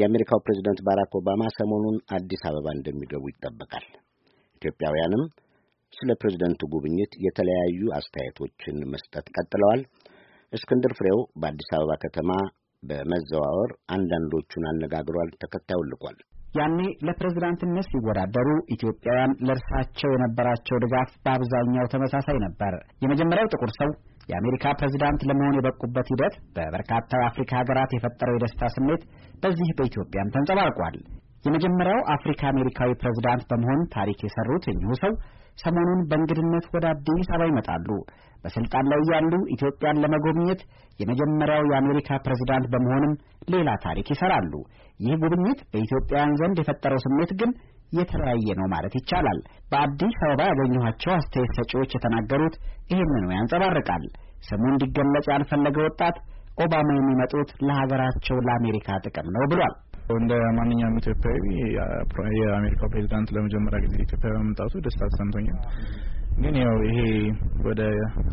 የአሜሪካው ፕሬዚደንት ባራክ ኦባማ ሰሞኑን አዲስ አበባ እንደሚገቡ ይጠበቃል። ኢትዮጵያውያንም ስለ ፕሬዚደንቱ ጉብኝት የተለያዩ አስተያየቶችን መስጠት ቀጥለዋል። እስክንድር ፍሬው በአዲስ አበባ ከተማ በመዘዋወር አንዳንዶቹን አነጋግሯል። ተከታዩን ልኳል። ያኔ ለፕሬዝዳንትነት ሲወዳደሩ ኢትዮጵያውያን ለእርሳቸው የነበራቸው ድጋፍ በአብዛኛው ተመሳሳይ ነበር። የመጀመሪያው ጥቁር ሰው የአሜሪካ ፕሬዝዳንት ለመሆን የበቁበት ሂደት በበርካታ የአፍሪካ ሀገራት የፈጠረው የደስታ ስሜት በዚህ በኢትዮጵያም ተንጸባርቋል። የመጀመሪያው አፍሪካ አሜሪካዊ ፕሬዝዳንት በመሆን ታሪክ የሰሩት እኚሁ ሰው ሰሞኑን በእንግድነት ወደ አዲስ አበባ ይመጣሉ። በስልጣን ላይ ያሉ ኢትዮጵያን ለመጎብኘት የመጀመሪያው የአሜሪካ ፕሬዝዳንት በመሆንም ሌላ ታሪክ ይሰራሉ። ይህ ጉብኝት በኢትዮጵያውያን ዘንድ የፈጠረው ስሜት ግን የተለያየ ነው ማለት ይቻላል። በአዲስ አበባ ያገኘኋቸው አስተያየት ሰጪዎች የተናገሩት ይህንኑ ያንጸባርቃል። ስሙ እንዲገለጽ ያልፈለገ ወጣት ኦባማ የሚመጡት ለሀገራቸው ለአሜሪካ ጥቅም ነው ብሏል። እንደ ማንኛውም ኢትዮጵያዊ የአሜሪካው ፕሬዚዳንት ለመጀመሪያ ጊዜ ኢትዮጵያ በመምጣቱ ደስታ ተሰምቶኛል። ግን ያው ይሄ ወደ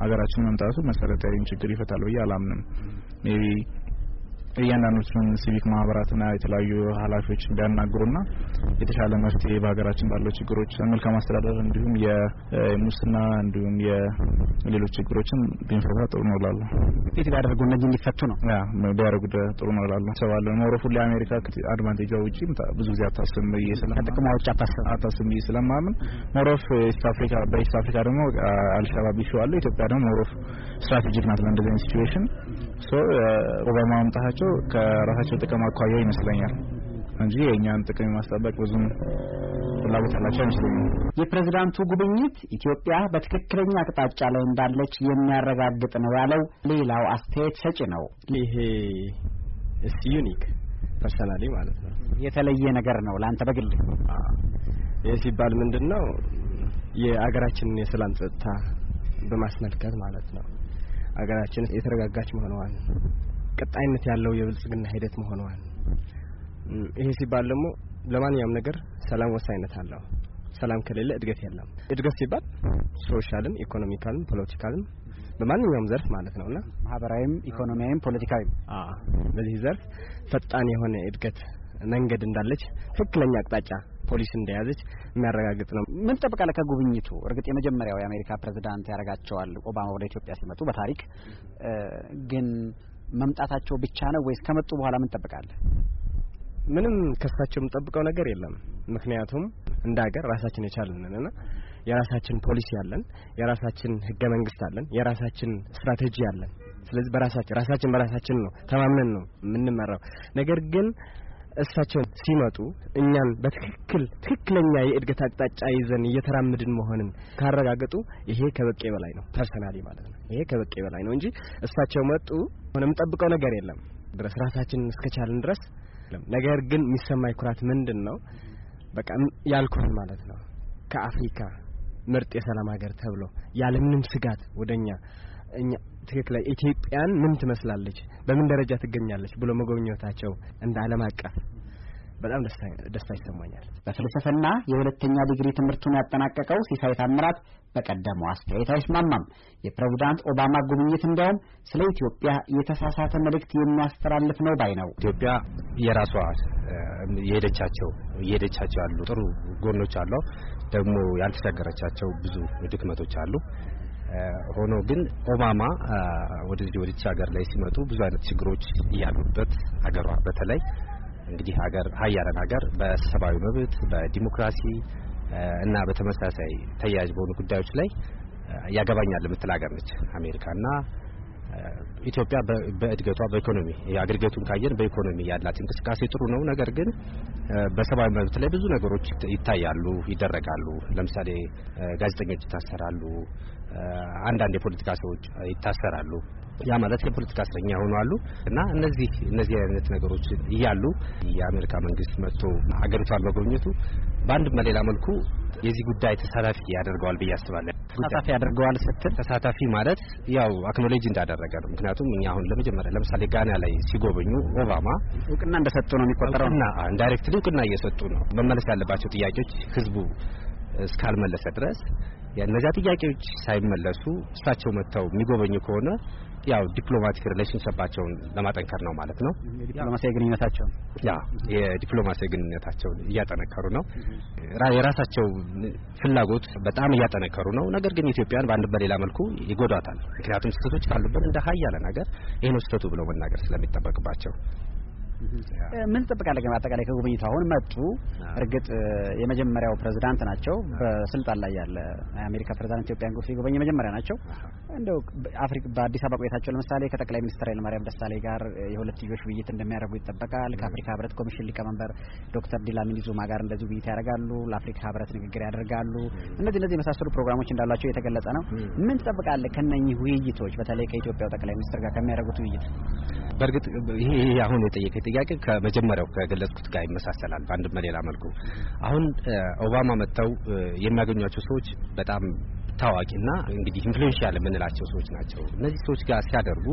ሀገራችን መምጣቱ መሰረታዊን ችግር ይፈታል ብዬ አላምንም። ሜቢ እያንዳንዶቹን ሲቪክ ማህበራትና የተለያዩ ኃላፊዎች ቢያናግሩና የተሻለ መፍትሄ በሀገራችን ባለው ችግሮች መልካም አስተዳደር እንዲሁም የሙስና እንዲሁም የሌሎች ችግሮችን ቢንፈታ ጥሩ ነው ላሉ ፊት ቢያደርጉ እነዚህ እንዲፈቱ ነው ቢያደርጉ ጥሩ ነው ላሉ ሰባለ ሞሮፉ ለአሜሪካ አድቫንቴጃ ውጭ ብዙ ጊዜ አታስብም ብዬ ስለጥቅማ ውጭ አታስብም ብዬ ስለማምን ሞሮፍ ኢስት አፍሪካ በኢስት አፍሪካ ደግሞ አልሸባብ ይሸዋለ ኢትዮጵያ ደግሞ ሞሮፍ ስትራቴጂክ ናት ለእንደዚህ አይነት ሲትዌሽን ኦባማ መምጣታቸው የምንሰጣቸው ከራሳቸው ጥቅም አኳያ ይመስለኛል እንጂ የእኛን ጥቅም የማስጠበቅ ብዙም ፍላጎት አላቸው አይመስለኝም። የፕሬዝዳንቱ ጉብኝት ኢትዮጵያ በትክክለኛ አቅጣጫ ላይ እንዳለች የሚያረጋግጥ ነው ያለው ሌላው አስተያየት ሰጪ ነው። ይሄ እስ ዩኒክ ፐርሰናሊ ማለት ነው የተለየ ነገር ነው ለአንተ በግል ይህ ሲባል ምንድን ነው? የአገራችንን የሰላም ጸጥታ በማስመልከት ማለት ነው። አገራችን የተረጋጋች መሆኗን ቀጣይነት ያለው የብልጽግና ሂደት መሆኗን ይሄ ሲባል ደግሞ ለማንኛውም ነገር ሰላም ወሳኝነት አለው። ሰላም ከሌለ እድገት የለም። እድገት ሲባል ሶሻልም፣ ኢኮኖሚካልም፣ ፖለቲካልም በማንኛውም ዘርፍ ማለት ነውና ማህበራዊም፣ ኢኮኖሚያዊም፣ ፖለቲካዊም በዚህ ዘርፍ ፈጣን የሆነ እድገት መንገድ እንዳለች ትክክለኛ አቅጣጫ ፖሊስ እንደያዘች የሚያረጋግጥ ነው። ምን ትጠብቃለህ ከጉብኝቱ? እርግጥ የመጀመሪያው የአሜሪካ ፕሬዝዳንት ያደርጋቸዋል ኦባማ ወደ ኢትዮጵያ ሲመጡ በታሪክ ግን መምጣታቸው ብቻ ነው ወይስ ከመጡ በኋላ ምን ትጠብቃለህ? ምንም ከሳቸው የምንጠብቀው ነገር የለም። ምክንያቱም እንደ ሀገር ራሳችን የቻልንንና የራሳችን ፖሊሲ አለን፣ የራሳችን ህገ መንግስት አለን፣ የራሳችን ስትራቴጂ አለን። ስለዚህ በራሳችን ራሳችን በራሳችን ነው ተማምነን ነው የምንመራው። ነገር ግን እሳቸውን ሲመጡ እኛን በትክክል ትክክለኛ የእድገት አቅጣጫ ይዘን እየተራምድን መሆንን ካረጋገጡ ይሄ ከበቄ በላይ ነው። ፐርሰናሊ ማለት ነው። ይሄ ከበቄ በላይ ነው እንጂ እሳቸው መጡ ሆነ የምጠብቀው ነገር የለም ድረስ ራሳችንን እስከቻልን ድረስ ነገር ግን የሚሰማኝ ኩራት ምንድን ነው? በቃ ያልኩህን ማለት ነው ከአፍሪካ ምርጥ የሰላም ሀገር ተብሎ ያለምንም ስጋት ወደኛ እኛ ትክክለኛ ኢትዮጵያን ምን ትመስላለች፣ በምን ደረጃ ትገኛለች ብሎ መጎብኘታቸው እንደ ዓለም አቀፍ በጣም ደስታ ይሰማኛል። በፍልስፍና የሁለተኛ ዲግሪ ትምህርቱን ያጠናቀቀው ሲሳይ ታምራት በቀደመው አስተያየት አይስማማም። የፕሬዚዳንት ኦባማ ጉብኝት እንዲያውም ስለ ኢትዮጵያ የተሳሳተ መልእክት የሚያስተላልፍ ነው ባይ ነው። ኢትዮጵያ የራሷ የሄደቻቸው እየሄደቻቸው ያሉ ጥሩ ጎኖች አሉ፣ ደግሞ ያልተሻገረቻቸው ብዙ ድክመቶች አሉ። ሆኖ ግን ኦባማ ወደዚህ ወደች ሀገር ላይ ሲመጡ ብዙ አይነት ችግሮች ያሉበት ሀገሯ በተለይ እንግዲህ ሀገር ሀያላን ሀገር በሰብአዊ መብት በዲሞክራሲ እና በተመሳሳይ ተያያዥ በሆኑ ጉዳዮች ላይ ያገባኛል የምትል ሀገር ነች አሜሪካና ኢትዮጵያ በእድገቷ በኢኮኖሚ አገርገቱን ካየን በኢኮኖሚ ያላት እንቅስቃሴ ጥሩ ነው። ነገር ግን በሰብአዊ መብት ላይ ብዙ ነገሮች ይታያሉ፣ ይደረጋሉ። ለምሳሌ ጋዜጠኞች ይታሰራሉ፣ አንዳንድ የፖለቲካ ሰዎች ይታሰራሉ። ያ ማለት የፖለቲካ እስረኛ ሆኖ አሉ እና እነዚህ እነዚህ አይነት ነገሮች እያሉ የአሜሪካ መንግስት መጥቶ አገሪቷን መጎብኘቱ በአንድም በሌላ መልኩ የዚህ ጉዳይ ተሳታፊ ያደርገዋል ብዬ አስባለሁ። ተሳታፊ አድርገዋል ስትል ተሳታፊ ማለት ያው አክኖሌጅ እንዳደረገ ነው። ምክንያቱም እኛ አሁን ለመጀመሪያ ለምሳሌ ጋና ላይ ሲጎበኙ ኦባማ እውቅና እንደሰጡ ነው የሚቆጠረው እና ዳይሬክትሊ እውቅና እየሰጡ ነው። መመለስ ያለባቸው ጥያቄዎች ህዝቡ እስካልመለሰ ድረስ የእነዚያ ጥያቄዎች ሳይመለሱ እሳቸው መጥተው የሚጎበኙ ከሆነ ያው ዲፕሎማቲክ ሪሌሽንሽፓቸውን ለማጠንከር ነው ማለት ነው። የዲፕሎማሲያዊ ግንኙነታቸውን ያ የዲፕሎማሲያዊ ግንኙነታቸውን እያጠነከሩ ነው። የራሳቸው ፍላጎት በጣም እያጠነከሩ ነው። ነገር ግን ኢትዮጵያን በአንድ በሌላ መልኩ ይጎዷታል። ምክንያቱም ስህተቶች ካሉበት እንደ ያለ ነገር ይህን ስህተቱ ብለው መናገር ስለሚጠበቅባቸው ምን ትጠብቃለህ? ግን አጠቃላይ ከጉብኝቱ አሁን መጡ። እርግጥ የመጀመሪያው ፕሬዝዳንት ናቸው በስልጣን ላይ ያለ የአሜሪካ ፕሬዝዳንት ኢትዮጵያን ሲጎበኝ የመጀመሪያ ናቸው። እንደው አፍሪካ በአዲስ አበባ ቆይታቸው ለምሳሌ ከጠቅላይ ሚኒስትር ኃይለማርያም ደሳሌ ጋር የሁለትዮሽ ውይይት እንደሚያደርጉ ይጠበቃል። ከአፍሪካ ህብረት ኮሚሽን ሊቀመንበር ዶክተር ዲላሚኒ ዙማ ጋር እንደዚህ ውይይት ያደርጋሉ። ለአፍሪካ ህብረት ንግግር ያደርጋሉ። እነዚህ እነዚህ የመሳሰሉ ፕሮግራሞች እንዳሏቸው የተገለጸ ነው። ምን ትጠብቃለህ ከነኚህ ውይይቶች በተለይ ከኢትዮጵያው ጠቅላይ ሚኒስትር ጋር ከሚያደርጉት ውይይት? በእርግጥ ይሄ አሁን የጠየቀ ጥያቄ ከመጀመሪያው ከገለጽኩት ጋር ይመሳሰላል በአንድ በሌላ መልኩ። አሁን ኦባማ መጥተው የሚያገኟቸው ሰዎች በጣም ታዋቂና እንግዲህ ኢንፍሉዌንሻል የምንላቸው ሰዎች ናቸው። እነዚህ ሰዎች ጋር ሲያደርጉ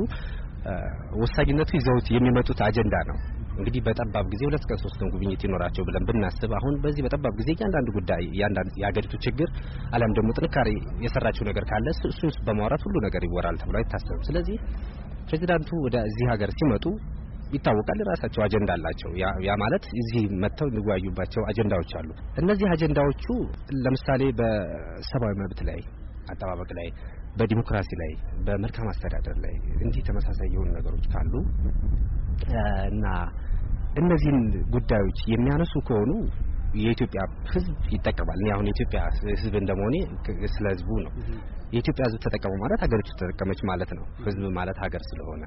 ወሳኝነቱ ይዘውት የሚመጡት አጀንዳ ነው። እንግዲህ በጠባብ ጊዜ ሁለት ቀን ሶስት ቀን ጉብኝት ይኖራቸው ብለን ብናስብ አሁን በዚህ በጠባብ ጊዜ እያንዳንዱ ጉዳይ እያንዳንዱ የሀገሪቱ ችግር አለም ደግሞ ጥንካሬ የሰራችው ነገር ካለ እሱ በማውራት ሁሉ ነገር ይወራል ተብሎ አይታሰብም። ስለዚህ ፕሬዚዳንቱ ወደዚህ ሀገር ሲመጡ ይታወቃል። ራሳቸው አጀንዳ አላቸው። ያ ማለት እዚህ መጥተው የሚወያዩባቸው አጀንዳዎች አሉ። እነዚህ አጀንዳዎቹ ለምሳሌ በሰብአዊ መብት ላይ አጠባበቅ ላይ በዲሞክራሲ ላይ በመልካም አስተዳደር ላይ እንዲህ ተመሳሳይ የሆኑ ነገሮች ካሉ እና እነዚህን ጉዳዮች የሚያነሱ ከሆኑ የኢትዮጵያ ሕዝብ ይጠቀማል። እኔ አሁን የኢትዮጵያ ሕዝብ እንደመሆኔ ስለ ሕዝቡ ነው። የኢትዮጵያ ሕዝብ ተጠቀመ ማለት ሀገሪቱ ተጠቀመች ማለት ነው። ሕዝብ ማለት ሀገር ስለሆነ፣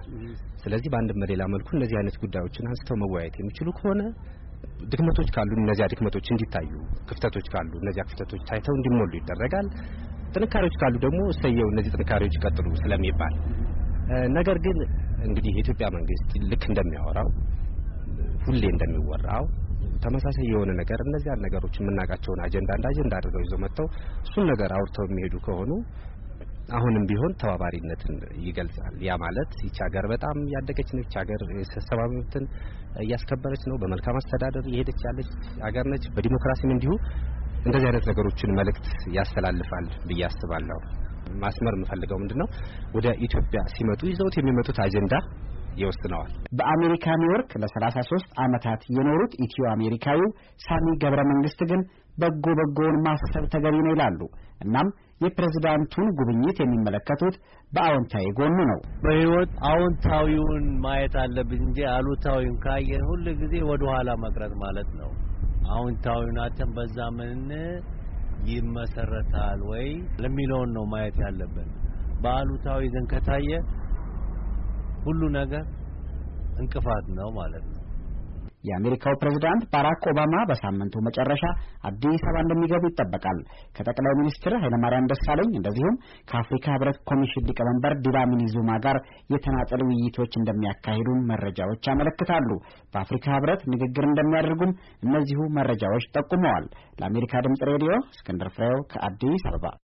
ስለዚህ በአንድም በሌላ መልኩ እነዚህ አይነት ጉዳዮችን አንስተው መወያየት የሚችሉ ከሆነ ድክመቶች ካሉ እነዚያ ድክመቶች እንዲታዩ፣ ክፍተቶች ካሉ እነዚያ ክፍተቶች ታይተው እንዲሞሉ ይደረጋል። ጥንካሬዎች ካሉ ደግሞ እሰየው እነዚህ ጥንካሬዎች ይቀጥሉ ስለሚባል ነገር ግን እንግዲህ የኢትዮጵያ መንግስት ልክ እንደሚያወራው ሁሌ እንደሚወራው ተመሳሳይ የሆነ ነገር እነዚያን ነገሮች የምናውቃቸውን አጀንዳ እንደ አጀንዳ አድርገው ይዘው መጥተው እሱን ነገር አውርተው የሚሄዱ ከሆኑ አሁንም ቢሆን ተባባሪነትን ይገልጻል። ያ ማለት ይቺ ሀገር በጣም ያደገች ነች፣ ሀገር ሰብአዊ መብትን እያስከበረች ነው፣ በመልካም አስተዳደር እየሄደች ያለች ሀገር ነች። በዲሞክራሲም እንዲሁ እንደዚህ አይነት ነገሮችን መልእክት ያስተላልፋል ብዬ አስባለሁ። ማስመር የምፈልገው ምንድነው ወደ ኢትዮጵያ ሲመጡ ይዘውት የሚመጡት አጀንዳ ይወስነዋል። በአሜሪካ ኒውዮርክ ለ33 ዓመታት የኖሩት ኢትዮ አሜሪካዊው ሳሚ ገብረ መንግስት ግን በጎ በጎውን ማሰብ ተገቢ ነው ይላሉ። እናም የፕሬዝዳንቱን ጉብኝት የሚመለከቱት በአዎንታዊ ጎኑ ነው። በህይወት አዎንታዊውን ማየት አለብን እንጂ አሉታዊውን ካየን ሁል ጊዜ ወደ ኋላ መቅረት ማለት ነው። አዎንታዊውን አተን በዛ ምን ይመሰረታል ወይ ለሚለውን ነው ማየት ያለብን። በአሉታዊ ዘንከታየ ሁሉ ነገር እንቅፋት ነው ማለት ነው። የአሜሪካው ፕሬዝዳንት ባራክ ኦባማ በሳምንቱ መጨረሻ አዲስ አበባ እንደሚገቡ ይጠበቃል። ከጠቅላይ ሚኒስትር ኃይለማርያም ደሳለኝ እንደዚሁም ከአፍሪካ ሕብረት ኮሚሽን ሊቀመንበር ድላሚኒ ዙማ ጋር የተናጠል ውይይቶች እንደሚያካሂዱም መረጃዎች ያመለክታሉ። በአፍሪካ ሕብረት ንግግር እንደሚያደርጉም እነዚሁ መረጃዎች ጠቁመዋል። ለአሜሪካ ድምጽ ሬዲዮ እስክንድር ፍሬው ከአዲስ አበባ